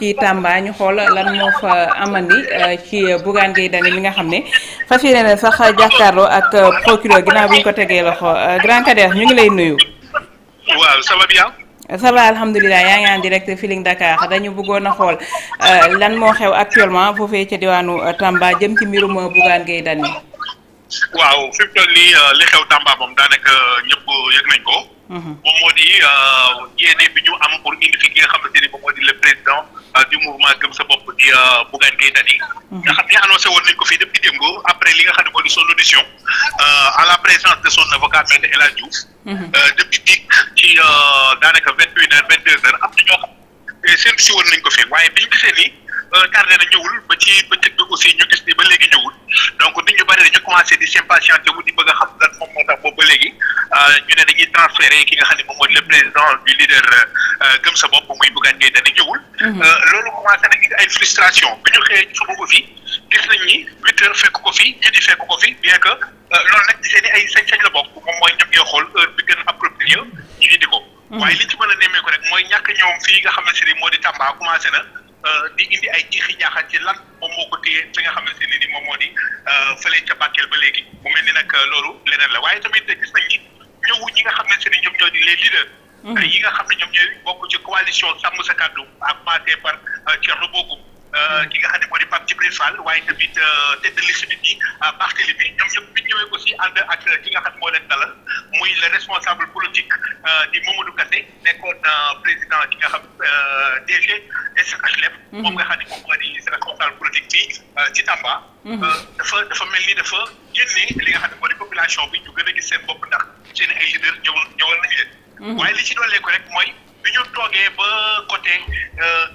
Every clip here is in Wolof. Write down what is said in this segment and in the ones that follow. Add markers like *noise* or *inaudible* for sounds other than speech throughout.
ci tàmba ñu xool lan moo fa amandi euh, ci Bougane Gueye Dany mi nga xam ne fas yéene na sax jàkkaarloo ak euh, procureur ginnaaw bi ko tegee loxo euh, Grand Kader ñu ngi lay nuyu. waaw ça va bien. ça alhamdulilah yaa ngi en direct Feeling Dakar dañu bëggoon a xool lan moo xew actuellement foofee ca diwaanu Tamba jëm ci mbirum Bougane Gueye Dany. waaw fi Tamba moom daanaka ñëpp yëg nañ ko. moom moo di euh, yéene bi ñu am pour indi fi ki nga xamante ni moom moo di le président euh, du mouvement gëm sa bopp di euh, Bougane Gueye Dany mhm. nga xam ne annoncé woon nañ ko fii depuis démb après li nga xam ne moo di son audition à la présence de son avocat maître El Hadj Diouf mhm. depuis biig ci daanaka vingt une heures vingt deux heures am na ñoo xam si woon nañ ko fii waaye bi ñu gisee ni tardé na ba ci bëccëg bi aussi ñu gis ni ba léegi ñëwul donc nit ñu bëri a xam lan moom ba léegi Euh, ñu ne dañuy transféré ki nga xam ne moom mooy le président du leader euh, euh, gëm sa bopp muy Bougane Gueye Dany ñëwul. Mhm. loolu commencé nañu ay frustration bi ñu xëyee suba ko fi gis nañ ni huit fekk ko fi fekk ko fi bien que loolu nag ay sañ-sañ la bokk moom mooy ñoom ñoo xool heure bi gën a approprié mhm. ñu indi ko. Mhm. mën a nemmee ko mooy ñàkk ñoom fii nga xamante ni moo di Tamba commencé na. di indi ay jiixi jaaxa ci lan moom moo ko téye fi nga xamante ne ni moom moo di fële ca Bakel ba léegi mu mel ni nag loolu leneen la waaye tamit gis nañ ni ñëw ñi nga xam ne seen ñoom ñoo di les leaders. Mm-hmm. yi nga xam ne ñoom ñooy bokk ci coalition sam sa kàddu à commencer par euh, Thierno Bocoum euh, mm-hmm. ki nga xam ne moo di Pape Djibril Fall waaye tamit euh, tête de liste bi di Barthélémy ñoom ñëpp bi ñëwee aussi ànd ak ki nga xam ne moo leen dalal muy le responsable politique euh, di Mamadou Kassé nekkoon euh, président ki nga xam euh, DG SHLM. Mhm. moom nga xam ne moom moo di bi mhm. dafa dafa mel ni dafa génne nga xam ne moo di population bi ñu gën gis seen bopp ndax seen ay leader ñëwul ñëwal mhm. li ci doolee ko rek mooy bi ñu toogee ba côté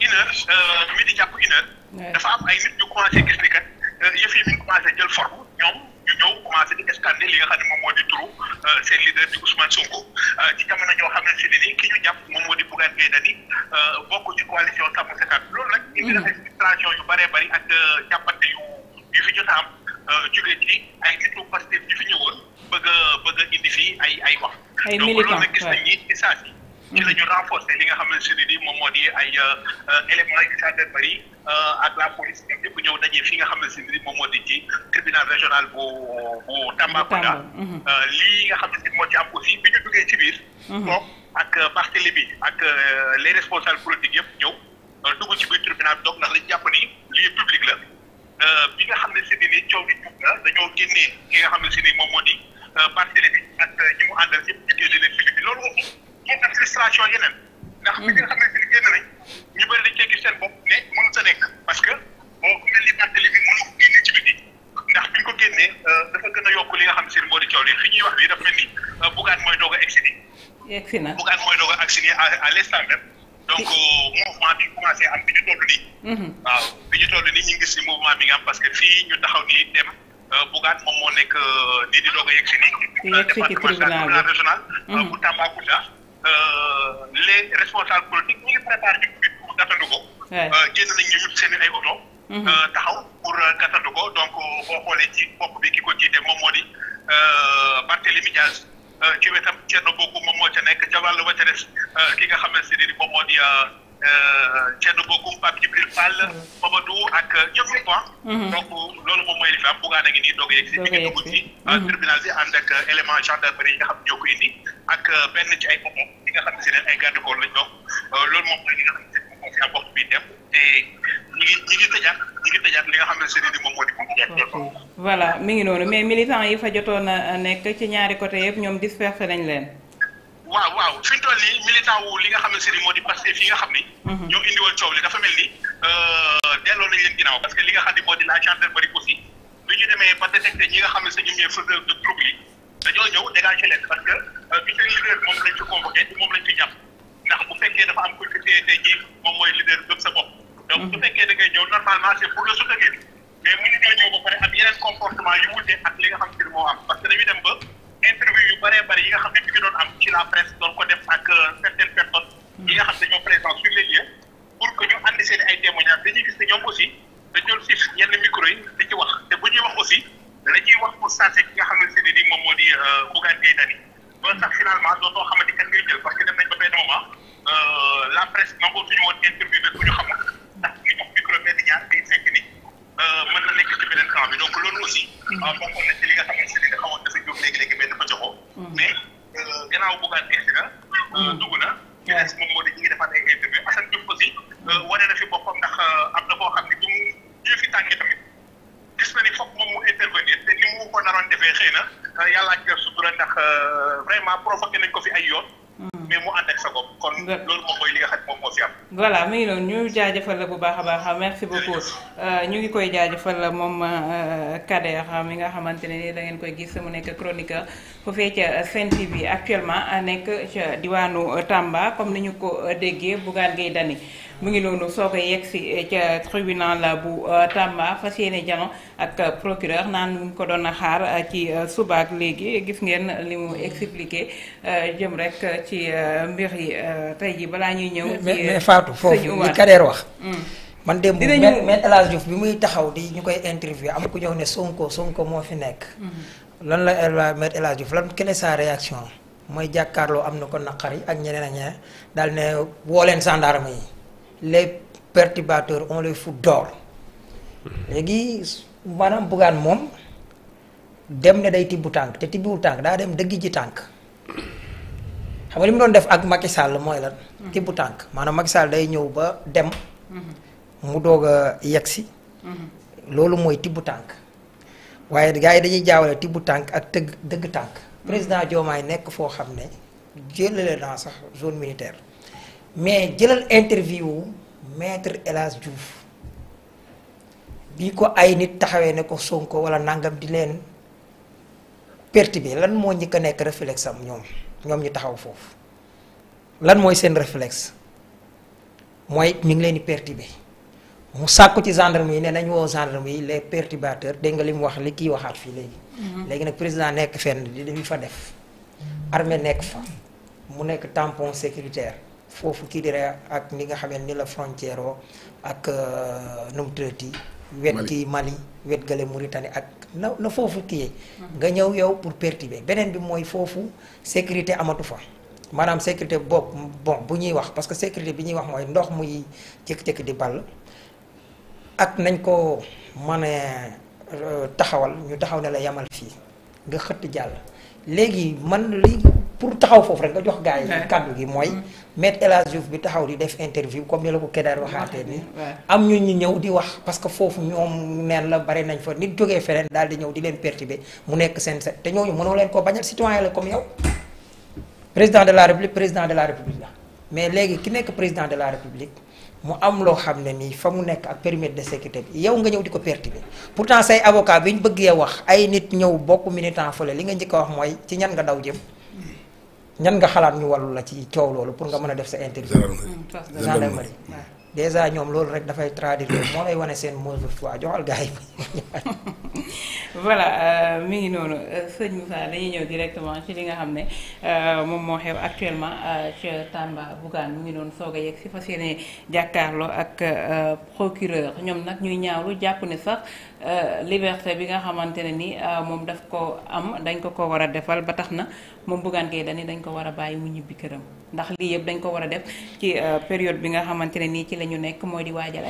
une heure di jàpp une heure. dafa am ay nit ñu commencé gis ni kat yëf yi mi ngi jël forme ñoom. ñëw commencé di scanner li nga xam ne moom moo di turu euh, seen leader di Ousmane Sonko euh, ci jamono joo xam ne si ni ki ñu jàpp moom moo di Bougane Gueye Dany euh, bokk ci coalition Sàmm Sa Kàddu loolu nag indi na frustration mm-hmm. yu bëree bëri ak jàppante yu yu fi jot a am jóge ci ay nitu Pastef yu a bëgg a indi ay ay wax donc loolu nag gis ci la ñu renforcer li nga xamante ne ni moom moo di ay euh, éléments yu gendarmerie euh, ak la police ñoom ñëpp ñëw daje fi nga xam ne ni moom moo di ci tribunal régional bu bu Tambacounda. Mhm. Euh, lii nga xamante ni moo ci am aussi bi ñu duggee ci biir. Mhm. donc ak ak les responsables politiques yëpp ñëw dugg ci biir tribunal bi donc ndax lañ la bi nga xam ne si ni coow gi jug na xam ne si ni moom moo di Barthélémy ak ñi mu àndal yëpp loolu aussi. yenn frustration yeneen. ndax bi nga xamante ni génn nañ ñu bëri dañ cee gis seen bopp ne mënut a nekk parce que boo ku mel ni bàttali bi mënul ko génne ci biti ndax biñ ko génnee euh, dafa gën a yokk li nga xam si moo di coow li fi ñuy wax nii dafa mel ni euh, bugaan mooy doog a egsi yegg si na bugaan mooy doog a agsi nii à l'instant même donc euh, mouvement bi commencé am bi ñu toll nii. Mhm. waaw bi ñu toll nii ñu gis ni mouvement bi nga am parce que fii ñu taxaw nii dem. Bougane moom moo nekk di di doog a yegg si nii. yegg si ci tribunal bi département régional mhm. bu Tambacounda. Euh, les responsables politiques ñu ngi préparé ñu ngi pour gàttandu ko. Euh, génn nañ ñu yut seen i ay oto. Mhm. Euh, taxaw pour gàttandu ko donc boo xoolee ci bopp bi ki ko jiite moom moo di Barthélémy Dias ci wetam Thierno Bocoum moom moo ca nekk ca wàllu ba ca ki nga xam ne si moo di. Euh, Thierno Bocoum Pape Djibril Fall. Mamadou ak euh, ñëpp ñu quoi. Mhm. donc loolu moom mooy li fi am Bougane a ngi nii doog a si. doog a euh, mhm. ko indi ak bi dem ñi nga xam ne si ni moom moo di ngi noonu mais militant yi fa jotoon nekk ci ñaari côté yëpp ñoom dispersé nañ leen. waaw waaw fi ñu toll nii militant wu li nga xam ne si moo di Pastef yi nga xam ni. Mhm. ñoo indiwoon coow li dafa mel ni euh, delloo nañ leen ginnaaw parce que li nga xam ni moo di la gendarmerie aussi bi ñu demee ba détecté ñi nga xam ne si ñoom ñooy faiseur de trouble yi dañoo ñëw dégagé leen parce que euh, bi seen leader moom lañ fi convoqué moom lañ fi jàpp ndax bu fekkee dafa am culture tey jii moom mooy leader gëm sa bopp. donc bu mhm. fekkee da ngay ñëw normalement c'est pour le soutenir mais mënuñoo ñëw ba pare am yeneen comportement yu wute ak li nga xam si moo am parce que dañuy dem ba. bëree bëri yi nga xam ne mi ngi doon am ci la presse doon ko def ak euh, certaines personnes hmm. yi nga xam ne ñoo présent sur les lieux pour que ñu andi seen ay témoignages dañuy gis ne ñoom aussi dañoo fiche yenn micro yi di ci wax te bu ñuy wax aussi dañuy wax pour changé ki nga xam ne seen i moom moo di euh, Bougane Gueye Dany sax finalement dootoo xamante kan ngay jël parce que dem nañ ba benn moment euh, la presse nangu suñu woon interview bi ku ñu xam Euh, wane na fi ndax euh, am na boo xam ni foog euh, yàlla ak sutura ndax ko ay yoon. Hmm. mais mi ñu jaajëfal la bu baax a baax merci beaucoup ñu ngi koy jaajëfal la moom Kader mi nga xamante ne ni da ngeen koy gis mu nekk chroniqueur foofee ca Sen bi actuellement nekk ca diwaanu Tamba comme ni ñu ko déggee Bougane Gueye Dany mu ngi noonu soo ko yegg si eh, ca la bu eh, Tamba fas yéene jano ak eh, procureur naan mu ngi ko doon xaar ci subaak léegi gis ngeen li mu expliqué jëm rek ci mbir yi tey ji balaa ñuy ñëw. mais Fatou foofu li wax. Hmm. man démb dinañu Me El Hadj Diouf bi muy taxaw di ñu koy interview am ku ñëw ne Sonko Sonko moo fi nekk. Hmm. lan la El Me El lan keneen sa réaction mooy jàkkaarloo am na ko naqari ak ñeneen ak ñeneen daal ne woo leen gendarme yi. les perturbateurs on les fout dehors léegi maanaam buggaan moom dem ne day tibbu tànk te tibbu tànk daa dem dëgg ji tànk xam nga li mu doon def ak Macky Sall mooy lan. Mm-hmm. tibbu tànk maanaam Macky Sall day ñëw ba dem. Mm-hmm. mu doog a yegg si. Mm-hmm. loolu mooy tibbu tànk waaye gars yi dañuy jaawale tibbu tànk ak tëgg dëgg tànk. président Diomaye nekk foo xam ne jëlale naa sax zone militaire. mais jëlal interview maitre El Hadj Diouf bi ko ay nit taxawee ne ko Sonko wala nangam di leen perti bi lan moo njëkk ko nekk réflexe am ñoom ñoom ñu taxaw foofu lan mooy seen réflexe mooy mu ngi leen di bi mu sàkku ci gendarme yi ne nañ woo gendarme yi les perturbateurs dégg nga li mu wax li kiy waxaat fii léegi. Mhm. léegi nag président nekk fen di li fa def. armée nekk fa mu nekk tempon sécuritaire. foofu kii Kidira ak ni nga xamee ni la frontière ak euh, nu mu tëddati wet ki Mali wet gale Mauritanie ak na na foofu kii nga ñëw yow pour perturber beneen bi mooy foofu sécurité amatu fa maanaam sécurité boobu bon bu ñuy wax parce que sécurité bi ñuy wax mooy ndox muy jékki-jékki di ball ak nañ ko mën euh, taxawal ñu taxaw ne la yamal fii nga xëtt jàll léegi man li pour taxaw foofu rek nga jox gars yi kaddu gi mooy mm. Maître El Hadji Diouf bi taxaw di def interview comme ni la ko Kédar waxaatee ni am ñu ñu ñëw di wax parce que foofu ñoom neen la bari nañ fa nit jógee feneen daal di ñëw di leen perturber mu nekk seen set te ñooñu mënoo leen ko bañal citoyen la comme yow président de la république président de la république la mais léegi ki nekk président de la république mu am loo xam ne nii fa mu nekk ak périmètre de sécurité bi yow nga ñëw di ko perturber pourtant bi ñu bëggee wax ay nit ñëw bokk militant fële li nga njëkk wax mooy ci ñan nga daw jëm ñan nga xalaat ñu wàllu la ci coow loolu pour nga mën a def sa interview gendarmerie hmm, dèjà ñoom loolu rek dafay traduire moo lay wane seen mauvaise foi joxal gars yi *laughs* voilà euh, mi ngi noonu euh, sëñ Moussa directement ci li nga xam ne euh, moom moo actuellement ca Tamba Bougane mu ngi noonu soog a yegg si fas yéene jàkkaarloo ak procureur ñoom nag ñuy ñaawlu jàpp ne sax liberté bi nga xamante ne ni moom daf ko am dañ ko ko war a defal ba tax na moom Bougane Gueye Dany dañ ko war a bàyyi mu ñibbi këram ndax lii yëpp dañ ko war a def ci euh, période bi nga xamante ne nii ci la ñu nekk mooy di waajal ay